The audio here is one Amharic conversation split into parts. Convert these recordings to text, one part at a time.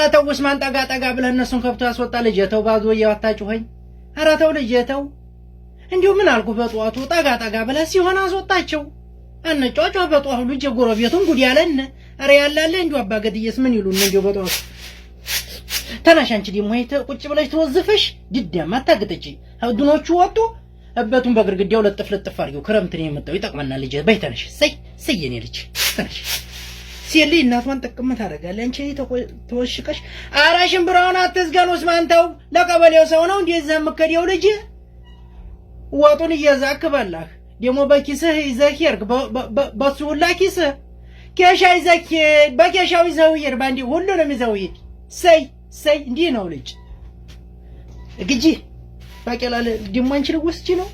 ኧረ ተው ውስማን፣ ጠጋ ጠጋ ብለህ እነሱን ከብቶ ያስወጣ ልጅ የተው ባዶ እያዋታጭሆኝ። ኧረ ተው ልጅ የተው እንዲሁ ምን አልኩ በጧቱ ጠጋ ጠጋ ብለህ ሲሆን አስወጣቸው። አነጫጫ በጠዋቱ ልጅ ጎረቤቱን ጉድ ያለን። አረ ያላለ እንዲሁ አባገድዬስ ምን ይሉን እንዲሁ በጧቱ ተናሽ አንቺ ደግሞ ቁጭ ብለሽ ተወዝፈሽ ድዳም አታግጠጪ። ድኖቹ ወጡ እበቱን በግርግዳው ለጥፍ ለጥፍ አድርጊው። ክረምት ነው የመጣው ይጠቅመናል። ልጅ በይ ተነሽ። ሰይ ሰይ የኔ ልጅ ተነሽ። ሴሊ እናቷን ጥቅም ታደርጋለህ። አንቺ ተወሽቀሽ ኧረ ሽምብራውን አትዝገን። ውስማን ተው፣ ለቀበሌው ሰው ነው እንዴ እዛ የምከደው ልጅ ወጡን እየዛክ በላህ። ደግሞ በኪስህ ይዘህ ሄድክ፣ በሱ ሁላ ኪስህ ኬሻ ይዘህ ሄድ፣ በኬሻው ይዘው ሄድ፣ ባንዲ ሁሉንም ይዘው ሄድ። ሰይ ሰይ፣ እንዲህ ነው ልጅ ግጂ ባቄላል ደግሞ አንቺ ልወስጂ ነው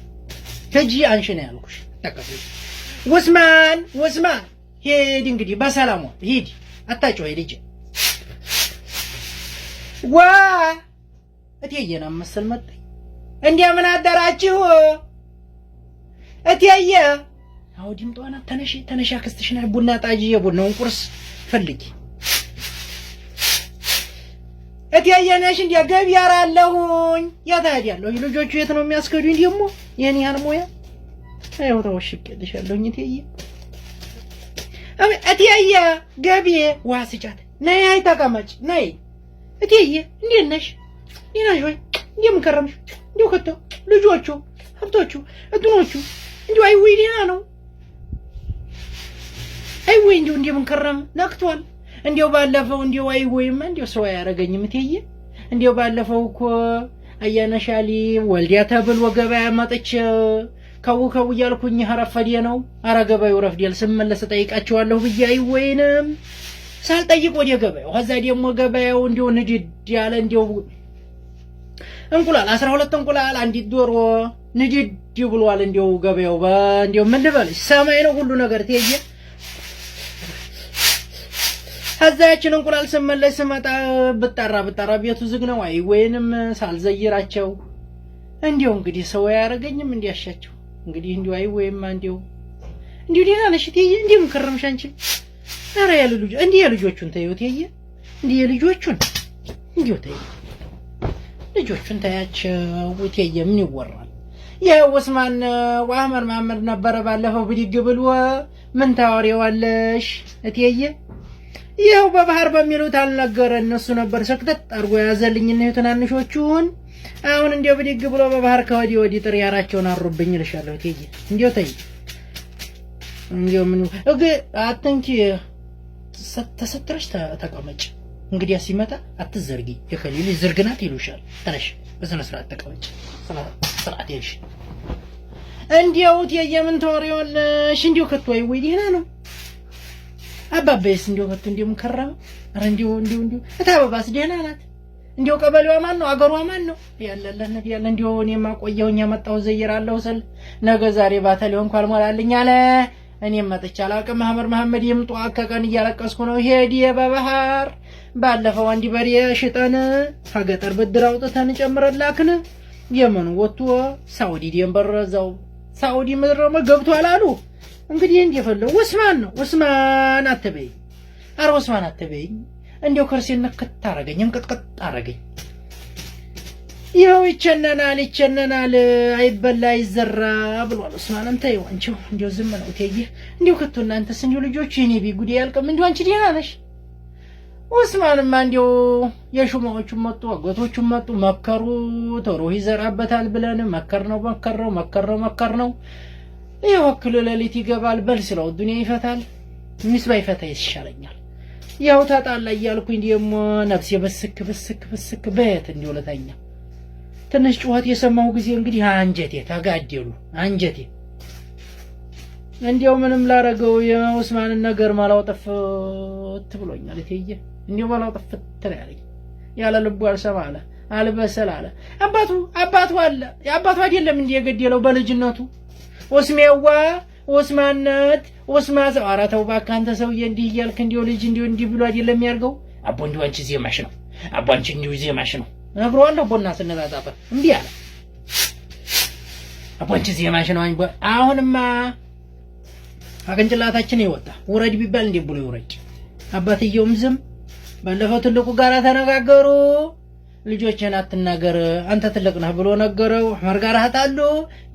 ከጂ አንሽ ነው ያልኩሽ። ተቀበል ውስማን ውስማን ሂድ እንግዲህ በሰላም ሂድ፣ አታጭው ልጅ ዋ እቴየና መሰል መጣኝ። እንዲያ ምን አደራችሁ እቴየ? አዎ ድምጧና ተነሽ ተነሽ፣ አክስትሽና ቡና ጣጂ፣ የቡናውን ቁርስ ፈልጊ። እቴየ ነሽ? እንዲያ ገቢያ አለሁኝ። ያታድ ያለሁ ልጆቹ የት ነው የሚያስገዱኝ? ደግሞ ይህን ያህል ሙያ ይኸው ተወሽቄልሻለሁኝ እቴየ እትዬ ገቢዬ ውሃ ስጫት። ነይ አይ ተቀመጭ። ነይ እትዬ እንዴት ነሽ? ደህና ነሽ ወይ? እንደምን ከረምሽ? እንዲሁ ከቶ ልጆቹ ሀብቶቹ እድኖቹ እንዲሁ አይውይ ደህና ነው አይውይ እንዲሁ እንደምን ከረም ነቅቷል። እንዲሁ ባለፈው እንዲሁ አይውይማ እንዲሁ ሰው አያረገኝም እትዬ እንዲሁ ባለፈው እኮ አያነሻሊ ወልዲያ ተብል ወገበያ መጥቼ ከው ከው እያልኩኝ ረፈዴ ነው። አረ ገበያው ረፍዴል ስመለስ ጠይቃቸዋለሁ ብዬ አይወይንም ሳልጠይቅ ወደ ገበያው። ከዛ ደግሞ ገበያው እንዲሁ ንድድ ያለ እንዲሁ እንቁላል አስራ ሁለት እንቁላል አንዲት ዶሮ ንድድ ብሏል። እንዲሁ ገበያው እንዲሁ ምን ልበልሽ ሰማይ ነው ሁሉ ነገር ትየ ከዛያችን እንቁላል ስመለስ ስመጣ ብጠራ ብጠራ ቤቱ ዝግ ነው። አይ ወይንም ሳልዘይራቸው እንዲሁ እንግዲህ ሰው አያረገኝም እንዲያሻቸው እንግዲህ እንዲሁ አይ ወይም አንዴው እንዲሁ ደህና ነሽ እትዬ፣ እንዲሁ ምን ከረምሽ አንቺም? ኧረ ያሉ ልጅ እንዲህ የልጆቹን ተይው እትዬ፣ እንዲህ የልጆቹን እንዲሁ ተይው፣ ልጆቹን ተያቸው እትዬ፣ ምን ይወራል? ይኸው ኡስማን ወአህመድ መሐመድ ነበረ ባለፈው ብድግ ብሎ ምን ታወሪዋለሽ እትዬ? ይኸው በባህር በሚሉት አልነገረ እነሱ ነበር ሰክተት አድርጎ ያዘልኝ ነው ትናንሾቹን አሁን እንዲው ብድግ ብሎ በባህር ከወዲህ ወዲህ ጥሪ ያራቸውን አሩብኝ ልሻለሁ። ቴጂ እንዲው ተይ፣ እንዲው ምን እግ አትንኪ፣ ተሰትረሽ ተቀመጭ። እንግዲያ ሲመጣ አትዘርጊ፣ የከሌሉ ዝርግናት ይሉሻል። ተነሽ፣ በስነ ስርዓት ተቀመጭ። ስርዓት ይልሽ እንዲው እቴዬ፣ ምን ተወሪውልሽ? እንዲው ከቶ ወይ ደህና ነው። አባባዬስ እንዲው ከቶ እንዲው ከረመ። ኧረ እንዲው እንዲው እንዲው እታበባስ ደህና ናት። እንዲያው ቀበሌዋ ማን ነው? አገሯ ማን ነው? ያለለን ያለ እንዲያው እኔማ ቆየሁኝ የመጣሁ ዘይራለሁ ስል ነገ ዛሬ ባተሌው እንኳን አልሞላልኝ አለ። እኔ መጥቼ አላውቅም። ማህመድ መሐመድ ይምጡ አከቀን እያለቀስኩ ነው። ሄድ በባህር ባለፈው አንድ በሬ ሽጠን ከገጠር ብድር አውጥተን ጨምረን የመኑ ወጥቶ ሳውዲ ድንበር እዛው ሳውዲ ምድር ደግሞ ገብቷል አሉ። እንግዲህ እንደፈለው ኡስማን ነው ኡስማን አትበይኝ፣ ኧረ ኡስማን አትበይኝ እንዲያው ከርሴን ነክት አረገኝ፣ እንቅጥቅጥ አረገኝ። ይኸው ይቸነናል፣ ይቸነናል፣ አይበላ አይዘራ ብሏል። ስማንም ተይው አንቺው እንዲያው ዝም ነው እቴዬ። እንዲያው ከቶ እናንተስ እንዲያው ልጆች እኔ ቢጉዴ ያልቅም። እንዲያው አንቺ ደህና ነሽ? ኡስማንማ እንዲያው የሹማዎቹም መጡ አጎቶቹም መጡ መከሩ። ቶሎ ይዘራበታል ብለን መከር ነው መከር ነው መከር ነው መከር ነው። ይኸው እክሉ ሌሊት ይገባል። በል ስለው ዱኒያ ይፈታል። ሚስባ ይፈታ ይሻለኛል ያው ታጣላ እያልኩኝ ደግሞ ነፍሴ ብስክ በስክ በስክ በየት እንዲሁ ለተኛ ትንሽ ጩኸት የሰማሁ ጊዜ እንግዲህ አንጀቴ ተጋደሉ። አንጀቴ እንዲያው ምንም ላረገው የኡስማንን ነገር ማላው ጠፍት ብሎኛል። እትዬ እንዲያው ማላው ጠፍት ነው ያለኝ። ያለ ልቡ አልሰማ አለ፣ አልበሰል አለ። አባቱ አባቱ አለ። አባቱ አይደለም እንዲህ የገደለው በልጅነቱ ኡስሜዋ ኡስማነት ወስማዝ ኧረ ተው እባክህ አንተ ሰውዬ እንዲህ እያልክ እንዲሁ ልጅ እንዲሁ እንዲህ ብሎ አይደለም ያርገው አቦ እንዲሁ አንቺ ዜማሽ ነው አቦ አንቺ እንዲሁ ዜማሽ ነው እነግረዋለሁ። ቦና ስነጣጣፈ እንዲህ አለ አቦ አንቺ ዜማሽ ነው። አሁንማ አቅንጭላታችን ይወጣ ውረድ ቢባል እንዲህ ብሎ ይውረድ። አባትየውም ዝም ባለፈው ትልቁ ጋራ ተነጋገሩ። ልጆችን አትናገር አንተ ትልቅ ነህ ብሎ ነገረው። ዑመር ጋር ታሉ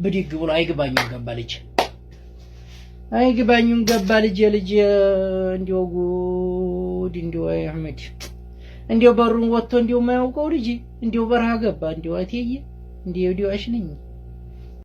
ብድግ ብሎ አይግባኝ ገባ ልጅ አይግባኝም ገባ ልጅ ልጅ እንዲያው ጉድ እንዲያው አህመድ እንዲያው በሩን ወጥቶ እንዲያው የማያውቀው ልጅ እንዲያው በረሃ ገባ እንዲያው አትዬ እንዲያው ዲዋሽ ነኝ